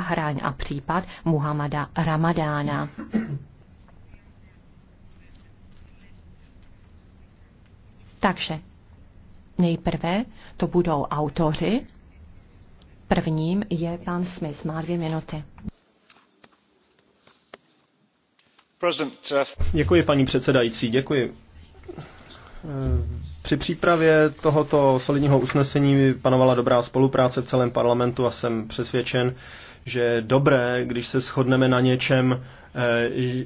Bahraň a případ Muhammada Ramadána. Takže nejprve to budou autoři. Prvním je pan Smith, má dvě minuty. Uh, děkuji, paní předsedající, děkuji. Eh, při přípravě tohoto solidního usnesení panovala dobrá spolupráce v celém parlamentu a jsem přesvědčen, že je dobré, když se shodneme na něčem, eh,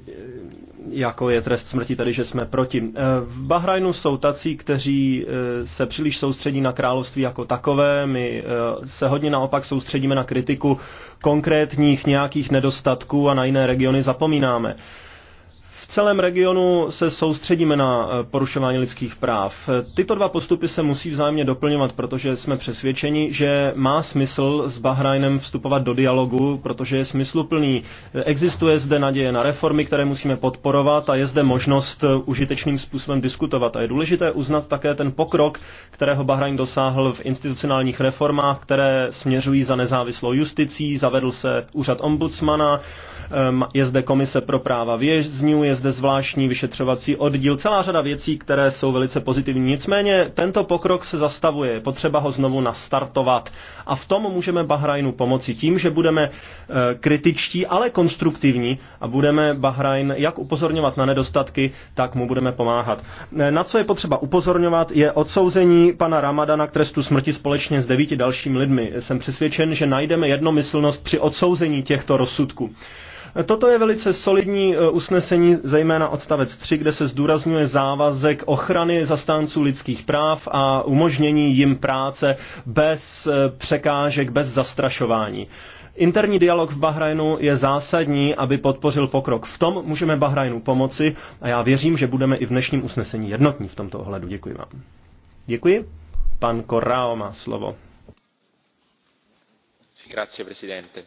jako je trest smrti, tedy že jsme proti. Eh, v Bahrajnu jsou tací, kteří eh, se příliš soustředí na království jako takové, my se hodně naopak soustředíme na kritiku konkrétních nějakých nedostatků a na jiné regiony zapomínáme. V celém regionu se soustředíme na eh, porušování lidských práv. Tyto dva postupy se musí vzájemně doplňovat, protože jsme přesvědčeni, že má smysl s Bahrajnem vstupovat do dialogu, protože je smysluplný. Existuje zde naděje na reformy, které musíme podporovat a je zde možnost eh, užitečným způsobem diskutovat. A je důležité uznat také ten pokrok, kterého Bahrajn dosáhl v institucionálních reformách, které směřují za nezávislou justicí, zavedl se úřad ombudsmana, ehm, je zde komise pro práva vězňů, je zde zvláštní vyšetřovací oddíl, celá řada věcí, které jsou velice pozitivní. Nicméně tento pokrok se zastavuje, potřeba ho znovu nastartovat. A v tom můžeme Bahrajnu pomoci tím, že budeme eh, kritičtí, ale konstruktivní a budeme Bahrajn jak upozorňovat na nedostatky, tak mu budeme pomáhat. Eh, na co je potřeba upozorňovat, je odsouzení pana Ramadana k trestu smrti společně s devíti dalšími lidmi. Jsem přesvědčen, že najdeme jednomyslnost při odsouzení těchto rozsudků. Toto je velice solidní eh, usnesení, zejména odstavec 3, kde se zdůrazňuje závazek ochrany zastánců lidských práv a umožnění jim práce bez eh, překážek, bez zastrašování. Interní dialog v Bahrajnu je zásadní, aby podpořil pokrok. V tom můžeme Bahrajnu pomoci a já věřím, že budeme i v dnešním usnesení jednotní v tomto ohledu. Děkuji vám. Děkuji. Pan Korao má slovo. Grazie, presidente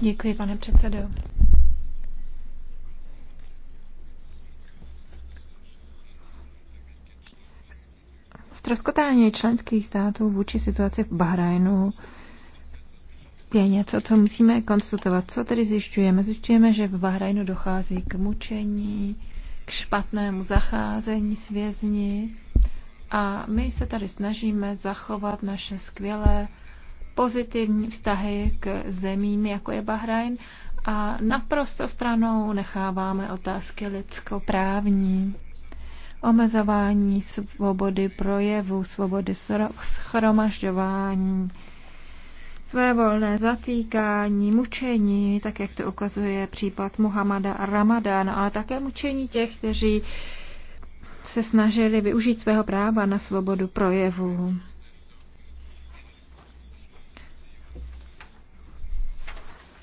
Děkuji, pane předsedo. Stroskotání členských států vůči situaci v Bahrajnu je něco, co musíme konstatovat. Co tedy zjišťujeme? Zjišťujeme, že v Bahrajnu dochází k mučení, k špatnému zacházení s vězni a my se tady snažíme zachovat naše skvělé pozitivní vztahy k zemím, jako je Bahrajn, a naprosto stranou necháváme otázky lidskoprávní omezování svobody projevu, svobody schromažďování, své volné zatýkání, mučení, tak jak to ukazuje případ Muhammada a Ramadana, ale také mučení těch, kteří se snažili využít svého práva na svobodu projevu.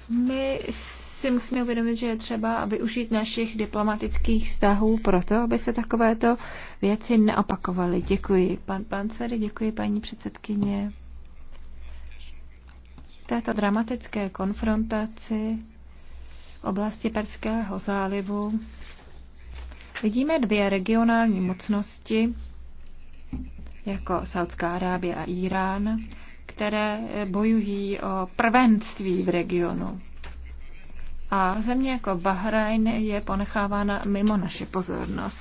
My si musíme uvědomit, že je třeba využít našich diplomatických vztahů proto, aby se takovéto věci neopakovaly. Děkuji pan Pancery, děkuji paní předsedkyně. Této dramatické konfrontaci v oblasti Perského zálivu vidíme dvě regionální mocnosti, jako Saudská Arábie a Irán, které eh, bojují o prvenství v regionu. A země jako Bahrajn je ponechávána mimo naše pozornost.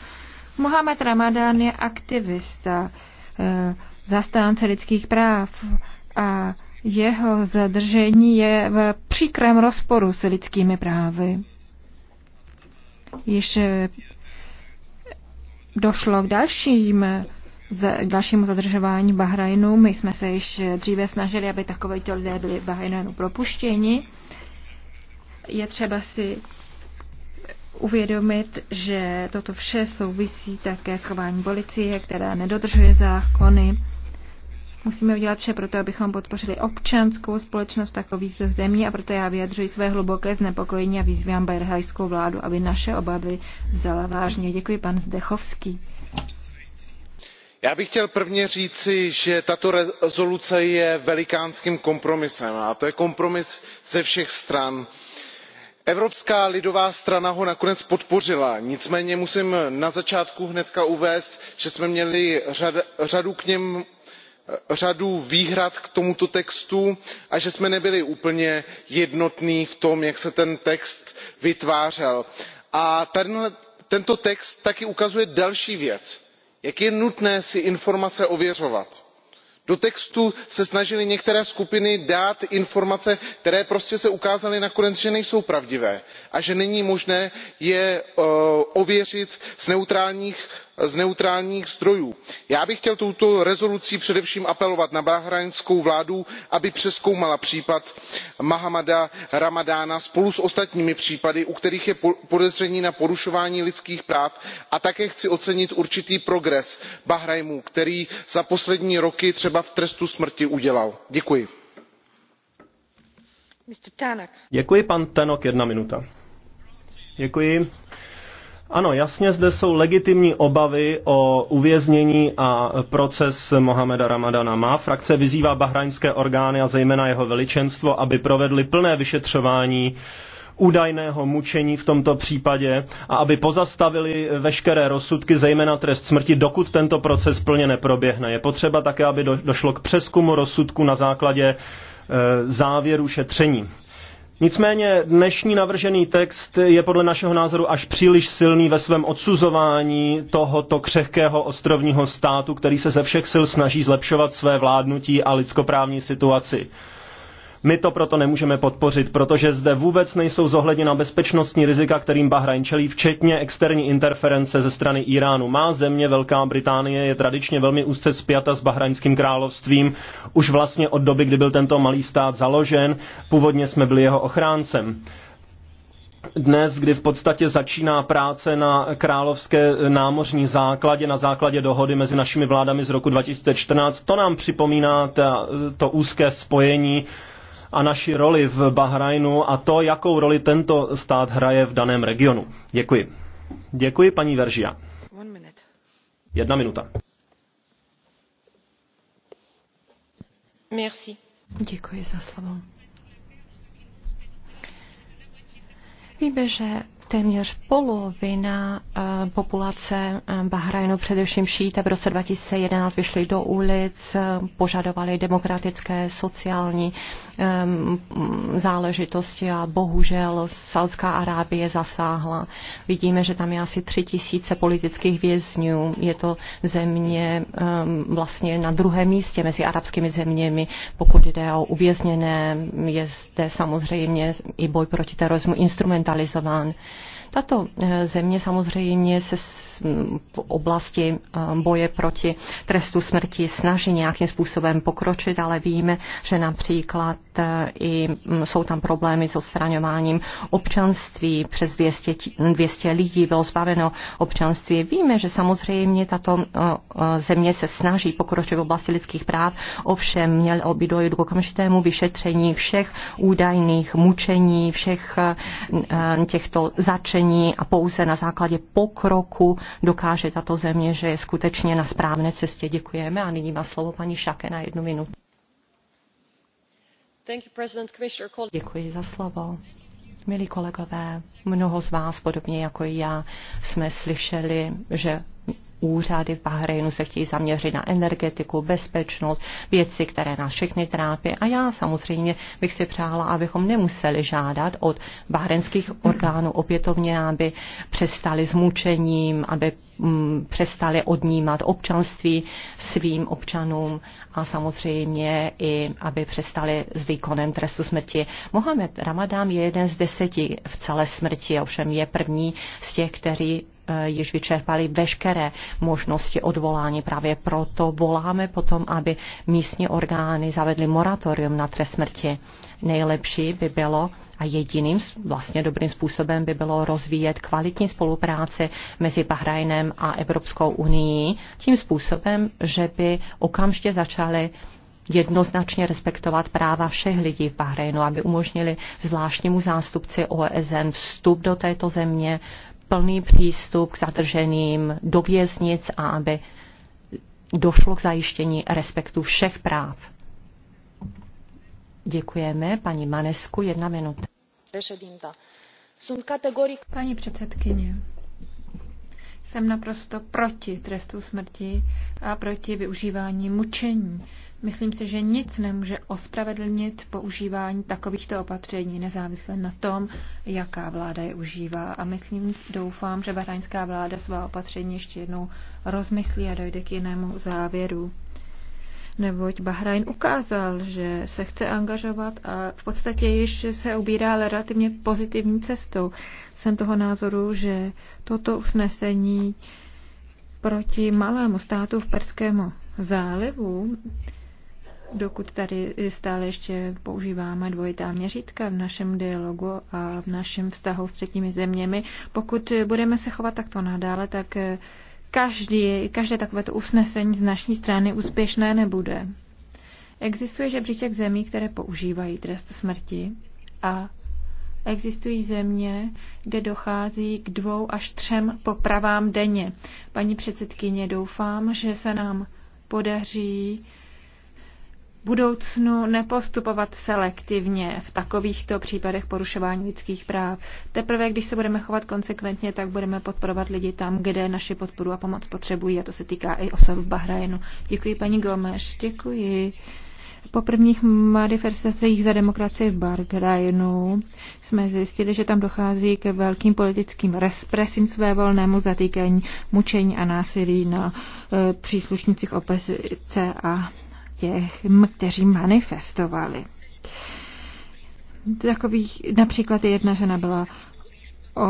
Mohamed Ramadán je aktivista, eh, zastánce lidských práv a jeho zadržení je v příkrém rozporu s lidskými právy. Již eh, došlo k dalším k dalšímu zadržování Bahrajnu. My jsme se již dříve snažili, aby takovéto lidé byli Bahrajnu propuštěni. Je třeba si uvědomit, že toto vše souvisí také s chováním policie, která nedodržuje zákony. Musíme udělat vše proto, abychom podpořili občanskou společnost takových zemí a proto já vyjadřuji své hluboké znepokojení a vyzývám berhajskou vládu, aby naše obavy vzala vážně. Děkuji, pan Zdechovský já bych chtěl prvně říci že tato rezoluce je velikánským kompromisem a to je kompromis ze všech stran. evropská lidová strana ho nakonec podpořila nicméně musím na začátku hned uvést že jsme měli řadu výhrad k tomuto textu a že jsme nebyli úplně jednotní v tom jak se ten text vytvářel. a tento text také ukazuje další věc jak je nutné si informace ověřovat. do textu se snažily některé skupiny dát informace které prostě se ukázaly nakonec že nejsou pravdivé a že není možné je eh, ověřit z neutrálních z neutrálních zdrojů. já bych chtěl touto rezolucí především apelovat na bahrajnskou vládu aby přezkoumala případ mohammadova ramadána spolu s ostatními případy u kterých je podezření na porušování lidských práv a také chci ocenit určitý progres bahrajnu který za poslední roky třeba v trestu smrti udělal. jedna minuta. Děkuji. Ano, jasně, zde jsou legitimní obavy o uvěznění a proces Mohameda Ramadana. Má frakce vyzývá bahrajnské orgány a zejména jeho veličenstvo, aby provedli plné vyšetřování údajného mučení v tomto případě a aby pozastavili veškeré rozsudky, zejména trest smrti, dokud tento proces plně neproběhne. Je potřeba také, aby došlo k přeskumu rozsudku na základě eh, závěru šetření. Nicméně dnešní navržený text je podle našeho názoru až příliš silný ve svém odsuzování tohoto křehkého ostrovního státu, který se ze všech sil snaží zlepšovat své vládnutí a lidskoprávní situaci. My to proto nemůžeme podpořit, protože zde vůbec nejsou zohledněna bezpečnostní rizika, kterým Bahrajn čelí, včetně externí interference ze strany Iránu. Má země Velká Británie je tradičně velmi úzce spjata s Bahrajnským královstvím už vlastně od doby, kdy byl tento malý stát založen. Původně jsme byli jeho ochráncem dnes, kdy v podstatě začíná práce na královské námořní základě, na základě dohody mezi našimi vládami z roku 2014, to nám připomíná ta, to úzké spojení a naši roli v Bahrajnu a to, jakou roli tento stát hraje v daném regionu. Děkuji. Děkuji, paní Veržia. Jedna minuta. Merci. Děkuji za slovo. Víme, že Téměř polovina eh, populace eh, Bahrajnu, především šíte, v roce 2011 vyšli do ulic, eh, požadovali demokratické, sociální záležitosti a bohužel Saudská Arábie zasáhla. Vidíme, že tam je asi tři tisíce politických vězňů. Je to země vlastně na druhém místě mezi arabskými zeměmi. Pokud jde o uvězněné, je zde samozřejmě i boj proti terorismu instrumentalizován. Tato eh, země samozřejmě se v oblasti eh, boje proti trestu smrti snaží nějakým způsobem pokročit, ale víme, že například eh, i jsou tam problémy s odstraňováním občanství. Přes 200, 200 lidí bylo zbaveno občanství. Víme, že samozřejmě tato země se snaží pokročit v oblasti lidských práv, ovšem měl by dojít k okamžitému vyšetření všech údajných mučení, všech těchto začení opatření a pouze na základě pokroku dokáže tato země, že je skutečně na správné cestě. Děkujeme a nyní má slovo paní Šake na jednu minutu. Děkuji za slovo. Milí kolegové, mnoho z vás, podobně jako i já, jsme slyšeli, že úřady v Bahrajnu se chtějí zaměřit na energetiku, bezpečnost, věci, které nás všechny trápí. A já samozřejmě bych si přála, abychom nemuseli žádat od bahrenských orgánů opětovně, aby přestali s mučením, aby mm, přestali odnímat občanství svým občanům a samozřejmě i, aby přestali s výkonem trestu smrti. Mohamed Ramadán je jeden z deseti v celé smrti, ovšem je první z těch, kteří Eh, již vyčerpali veškeré možnosti odvolání. Právě proto voláme potom, aby místní orgány zavedly moratorium na trest smrti. Nejlepší by bylo a jediným vlastně dobrým způsobem by bylo rozvíjet kvalitní spolupráci mezi Bahrajnem a Evropskou unii tím způsobem, že by okamžitě začaly jednoznačně respektovat práva všech lidí v Bahrajnu, aby umožnili zvláštnímu zástupci OSN vstup do této země, plný přístup k zadrženým do věznic a aby došlo k zajištění respektu všech práv. Děkujeme. Paní Manesku, jedna minuta. Paní předsedkyně, jsem naprosto proti trestu smrti a proti využívání mučení. Myslím si, že nic nemůže ospravedlnit používání takovýchto opatření nezávisle na tom, jaká vláda je užívá. A myslím, doufám, že bahraňská vláda svá opatření ještě jednou rozmyslí a dojde k jinému závěru. Neboť Bahrajn ukázal, že se chce angažovat a v podstatě již se ubírá relativně pozitivní cestou. Jsem toho názoru, že toto usnesení proti malému státu v perskému zálivu dokud tady stále ještě používáme dvojitá měřítka v našem dialogu a v našem vztahu s třetími zeměmi, pokud budeme se chovat takto nadále, tak každý, každé takovéto usnesení z naší strany úspěšné nebude. Existuje žebříček zemí, které používají trest smrti a Existují země, kde dochází k dvou až třem popravám denně. Paní předsedkyně, doufám, že se nám podaří budoucnu nepostupovat selektivně v takovýchto případech porušování lidských práv. Teprve, když se budeme chovat konsekventně, tak budeme podporovat lidi tam, kde naši podporu a pomoc potřebují. A to se týká i osob v Bahrajnu. Děkuji, paní Gomeš. Děkuji. Po prvních manifestacích za demokracii v Bahrajnu jsme zjistili, že tam dochází k velkým politickým represím svévolnému zatýkání, mučení a násilí na e, eh, příslušnicích OPSC a těch, kteří manifestovali. Takových, například jedna žena byla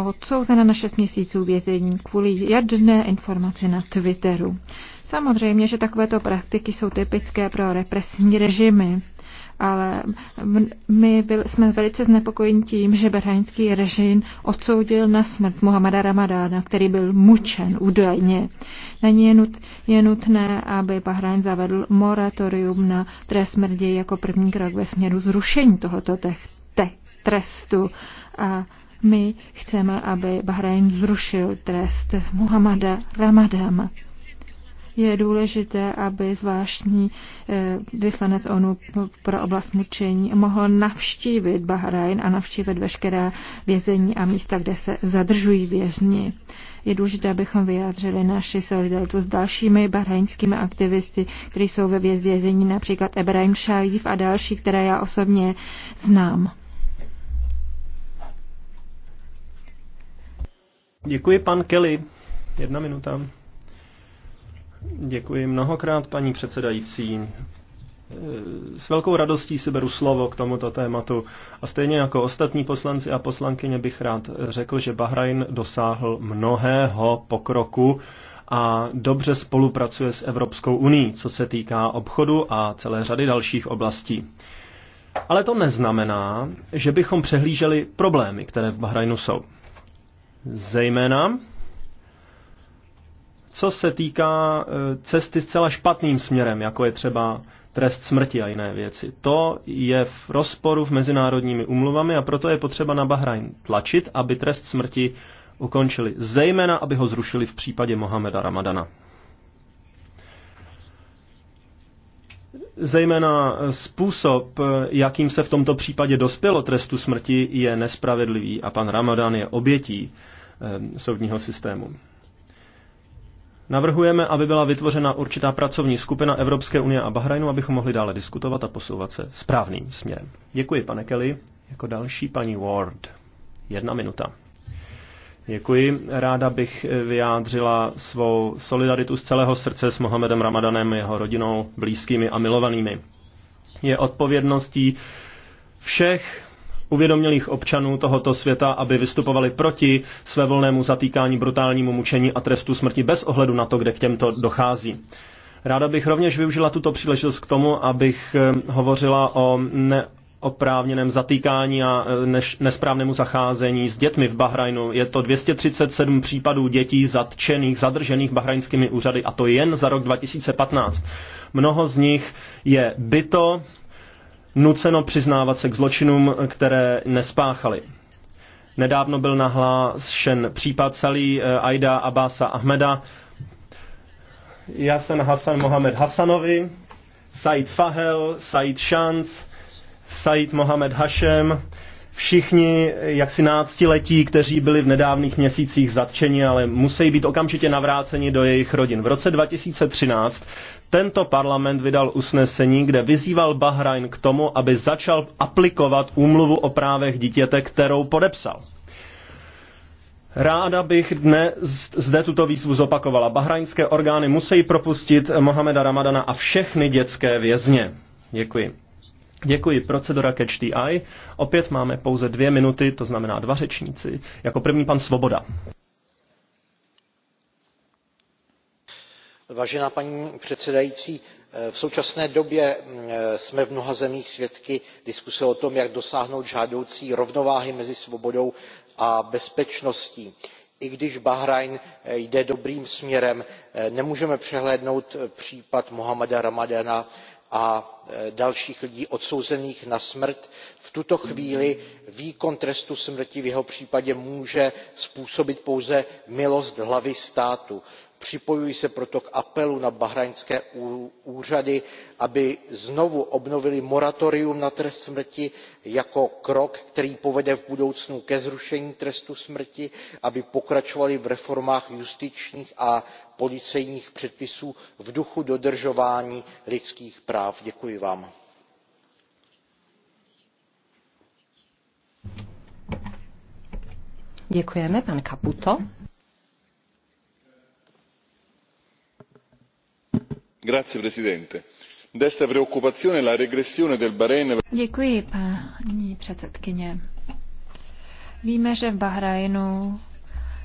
odsouzena na 6 měsíců vězení kvůli jedné informaci na Twitteru. Samozřejmě, že takovéto praktiky jsou typické pro represní režimy ale my byl, jsme velice znepokojeni tím, že bahrajnský režim odsoudil na smrt Muhammada Ramadána, který byl mučen údajně. Není je, nut, je nutné, aby Bahrajn zavedl moratorium na trest smrti jako první krok ve směru zrušení tohoto te, te, trestu. A my chceme, aby Bahrajn zrušil trest Muhammada Ramadána je důležité, aby zvláštní eh, vyslanec ONU pro oblast mučení mohl navštívit Bahrajn a navštívit veškerá vězení a místa, kde se zadržují vězni. Je důležité, abychom vyjádřili naši solidaritu s dalšími bahrajnskými aktivisty, kteří jsou ve vězení, například Ebrahim Šajív a další, které já osobně znám. Děkuji, pan Kelly. Jedna minuta. Děkuji mnohokrát, paní předsedající. E, s velkou radostí si beru slovo k tomuto tématu a stejně jako ostatní poslanci a poslankyně bych rád řekl, že Bahrajn dosáhl mnohého pokroku a dobře spolupracuje s Evropskou uní, co se týká obchodu a celé řady dalších oblastí. Ale to neznamená, že bychom přehlíželi problémy, které v Bahrajnu jsou. Zejména co se týká eh, cesty zcela špatným směrem, jako je třeba trest smrti a jiné věci. To je v rozporu v mezinárodními umluvami a proto je potřeba na Bahrajn tlačit, aby trest smrti ukončili, zejména aby ho zrušili v případě Mohameda Ramadana. Zejména způsob, jakým se v tomto případě dospělo trestu smrti, je nespravedlivý a pan Ramadan je obětí eh, soudního systému. Navrhujeme, aby byla vytvořena určitá pracovní skupina Evropské unie a Bahrajnu, abychom mohli dále diskutovat a posouvat se správným směrem. Děkuji, pane Kelly. Jako další paní Ward. Jedna minuta. Děkuji. Ráda bych vyjádřila svou solidaritu z celého srdce s Mohamedem Ramadanem, jeho rodinou, blízkými a milovanými. Je odpovědností všech uvědomělých občanů tohoto světa, aby vystupovali proti svévolnému zatýkání, brutálnímu mučení a trestu smrti bez ohledu na to, kde k těmto dochází. Ráda bych rovněž využila tuto příležitost k tomu, abych eh, hovořila o ne oprávněném zatýkání a eh, než, nesprávnému zacházení s dětmi v Bahrajnu. Je to 237 případů dětí zatčených, zadržených bahrajnskými úřady a to jen za rok 2015. Mnoho z nich je byto, nuceno přiznávat se k zločinům, které nespáchali. Nedávno byl nahlášen případ Salí eh, Aida Abasa Ahmeda, Jasen Hasan Mohamed Hasanovi, Said Fahel, Said Shant, Said Mohamed Hashem, všichni jaksi náctiletí, kteří byli v nedávných měsících zatčeni, ale musí být okamžitě navráceni do jejich rodin. V roce 2013 tento parlament vydal usnesení, kde vyzýval Bahrajn k tomu, aby začal aplikovat úmluvu o právech dítěte, kterou podepsal. Ráda bych dnes zde tuto výzvu zopakovala. Bahrajnské orgány musí propustit Mohameda Ramadana a všechny dětské vězně. Děkuji. Děkuji. Procedura Catch the Eye. Opět máme pouze dvě minuty, to znamená dva řečníci. Jako první pan Svoboda. Vážená paní předsedající, v současné době mm, jsme v mnoha zemích svědky diskuse o tom, jak dosáhnout žádoucí rovnováhy mezi svobodou a bezpečností i když bahrajn eh, jde dobrým směrem eh, nemůžeme přehlédnout eh, případ Mohameda Ramadana, a e, dalších lidí odsouzených na smrt v tuto chvíli výkon trestu smrti v jeho případě může způsobit pouze milost hlavy státu připojuji se proto k apelu na bahrajnské úřady aby znovu obnovily moratorium na trest smrti jako krok který povede v budoucnu ke zrušení trestu smrti aby pokračovaly v reformách justičních a policejních předpisů v duchu dodržování lidských práv. děkuji vám. Děkujeme, Caputo. signora presidente onorevoli colleghi desta preoccupazione la regressione del bahrajn. E děkuji paní předsedkyně. víme že v bahrajnu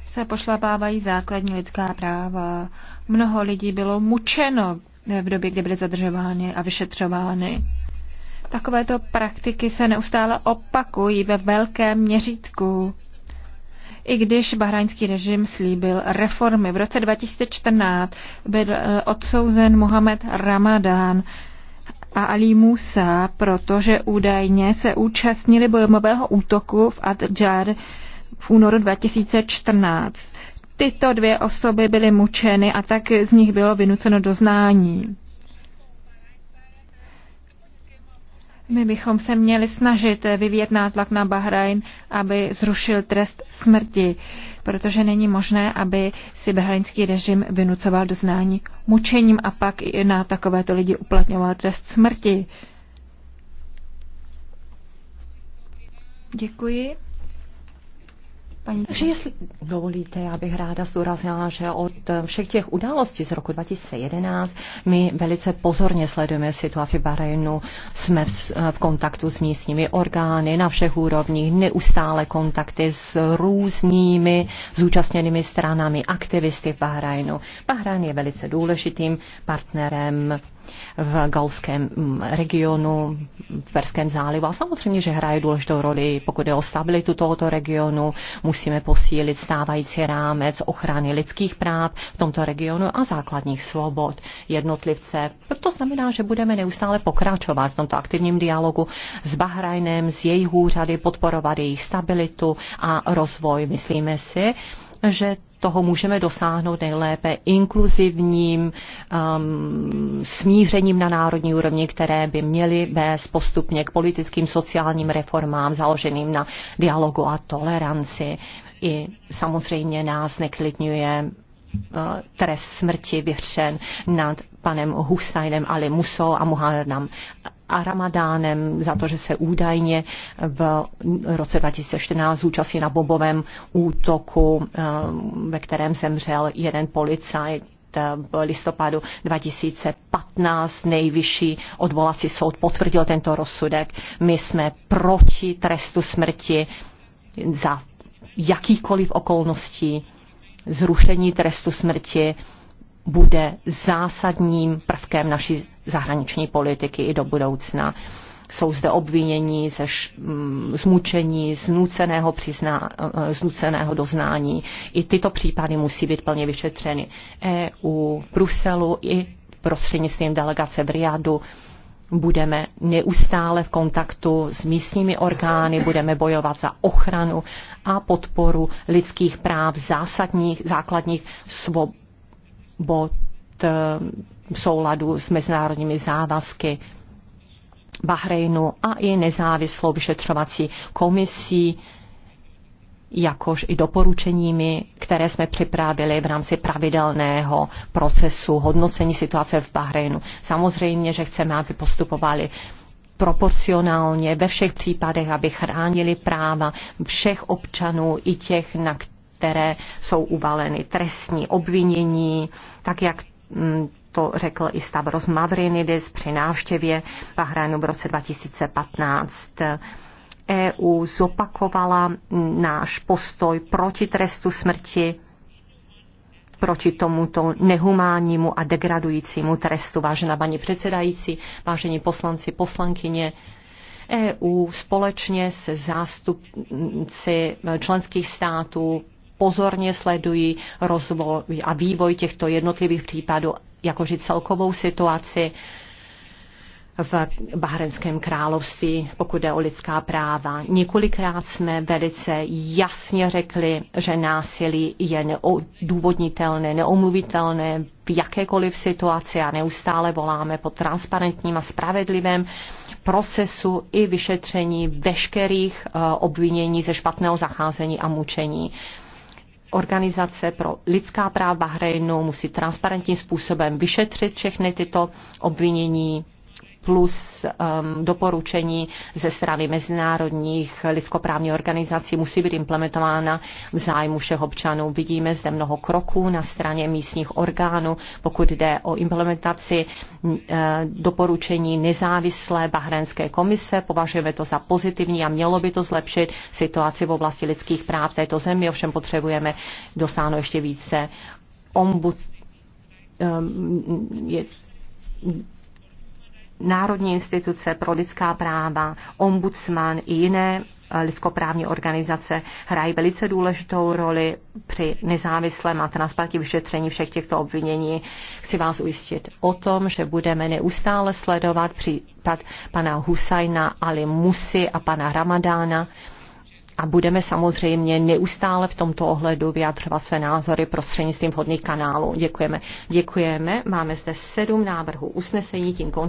se pošlapávají základní lidská práva. Mnoho lidí bylo mučeno v době, kdy byly zadržovány a vyšetřovány. Takovéto praktiky se neustále opakují ve velkém měřítku i když bahrajnský režim slíbil reformy. V roce 2014 byl eh, odsouzen Mohamed Ramadán a Ali Musa, protože údajně se účastnili bojového útoku v Adjar v únoru 2014. Tyto dvě osoby byly mučeny a tak z nich bylo vynuceno doznání. My bychom se měli snažit vyvíjet nátlak na Bahrajn, aby zrušil trest smrti, protože není možné, aby si bahrajnský režim vynucoval doznání mučením a pak i na takovéto lidi uplatňoval trest smrti. Děkuji. Paní... Takže jestli dovolíte, já bych ráda zdůraznila, že od eh, všech těch událostí z roku 2011 my velice pozorně sledujeme situaci Bahrajnu. jsme v, eh, v kontaktu s místními orgány na všech úrovních, neustále kontakty s různými zúčastněnými stranami, aktivisty v Bahrajnu. Bahrajn je velice důležitým partnerem v galském mm, regionu, v Perském zálivu. A samozřejmě, že hraje důležitou roli, pokud je o stabilitu tohoto regionu, musíme posílit stávající rámec ochrany lidských práv v tomto regionu a základních svobod jednotlivce. To znamená, že budeme neustále pokračovat v tomto aktivním dialogu s Bahrajnem, s jejich úřady, podporovat jejich stabilitu a rozvoj. Myslíme si, že toho můžeme dosáhnout nejlépe inkluzivním um, smířením na národní úrovni, které by měly vést postupně k politickým sociálním reformám založeným na dialogu a toleranci. I samozřejmě nás neklidňuje Eh, trest smrti vyhřen nad panem Husajnem Ali Muso a a Aramadánem za to, že se údajně v roce 2014 zúčastnil na bombovém útoku, eh, ve kterém zemřel jeden policajt eh, v listopadu 2015 nejvyšší odvolací soud potvrdil tento rozsudek. My jsme proti trestu smrti za jakýkoliv okolností zrušení trestu smrti bude zásadním prvkem naší zahraniční politiky i do budoucna. Jsou zde obvinění ze mm, zmučení, znuceného, přizná, eh, znuceného doznání. I tyto případy musí být plně vyšetřeny. EU, Bruselu i prostřednictvím delegace v Riadu budeme neustále v kontaktu s místními orgány, budeme bojovat za ochranu a podporu lidských práv, zásadních, základních svobod eh, v souladu s mezinárodními závazky Bahrejnu a i nezávislou vyšetřovací komisí, jakož i doporučeními, které jsme připravili v rámci pravidelného procesu hodnocení situace v Bahreinu. Samozřejmě, že chceme, aby postupovali proporcionálně ve všech případech, aby chránili práva všech občanů i těch, na které jsou uvaleny trestní obvinění, tak jak mm, to řekl i Stavros Mavrinidis při návštěvě Bahrajnu v roce 2015 EU zopakovala náš postoj proti trestu smrti, proti tomuto nehumánnímu a degradujícímu trestu. Vážená paní předsedající, vážení poslanci, poslankyně, EU společně se zástupci členských států pozorně sledují rozvoj a vývoj těchto jednotlivých případů, jakože celkovou situaci v Bahrenském království, pokud jde o lidská práva. Několikrát jsme velice jasně řekli, že násilí je neodůvodnitelné, neomluvitelné v jakékoliv situaci a neustále voláme po transparentním a spravedlivém procesu i vyšetření veškerých eh, obvinění ze špatného zacházení a mučení organizace pro lidská práva Bahrajnu musí transparentním způsobem vyšetřit všechny tyto obvinění plus um, doporučení ze strany mezinárodních lidskoprávních organizací musí být implementována v zájmu všech občanů. Vidíme zde mnoho kroků na straně místních orgánů, pokud jde o implementaci uh, doporučení nezávislé Bahrenské komise. Považujeme to za pozitivní a mělo by to zlepšit situaci v oblasti lidských práv této zemi, ovšem potřebujeme dosáhnout ještě více. Ombud, um, je, národní instituce pro lidská práva, ombudsman i jiné eh, lidskoprávní organizace hrají velice důležitou roli při nezávislém a transparentním vyšetření všech těchto obvinění. Chci vás ujistit o tom, že budeme neustále sledovat případ pana Husajna, Ali Musi a pana Ramadána a budeme samozřejmě neustále v tomto ohledu vyjadřovat své názory prostřednictvím vhodných kanálů. Děkujeme. Děkujeme. Máme zde sedm návrhů usnesení, tím končíme.